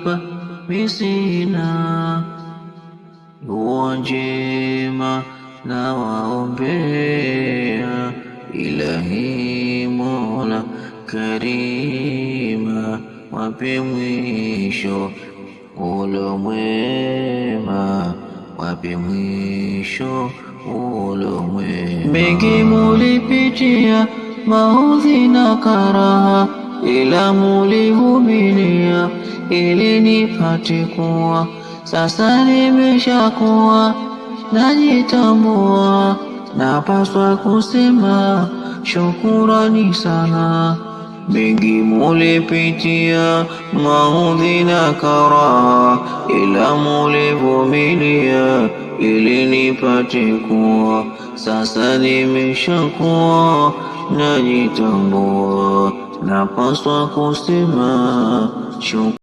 kunipa misina huo njema na waombea Ilahi Mola Karima, wape mwisho ulo mwema, wape mwisho ulo mwema. Mengi mulipitia maudhi na karaha, ila mulihumili ili nipate kuwa sasa nimeshakuwa najitambua, napaswa kusema shukurani sana. Mengi mulipitia maudhi na karaha, ila mulivumilia ili nipate kuwa sasa nimeshakuwa najitambua, napaswa kusema shukrani.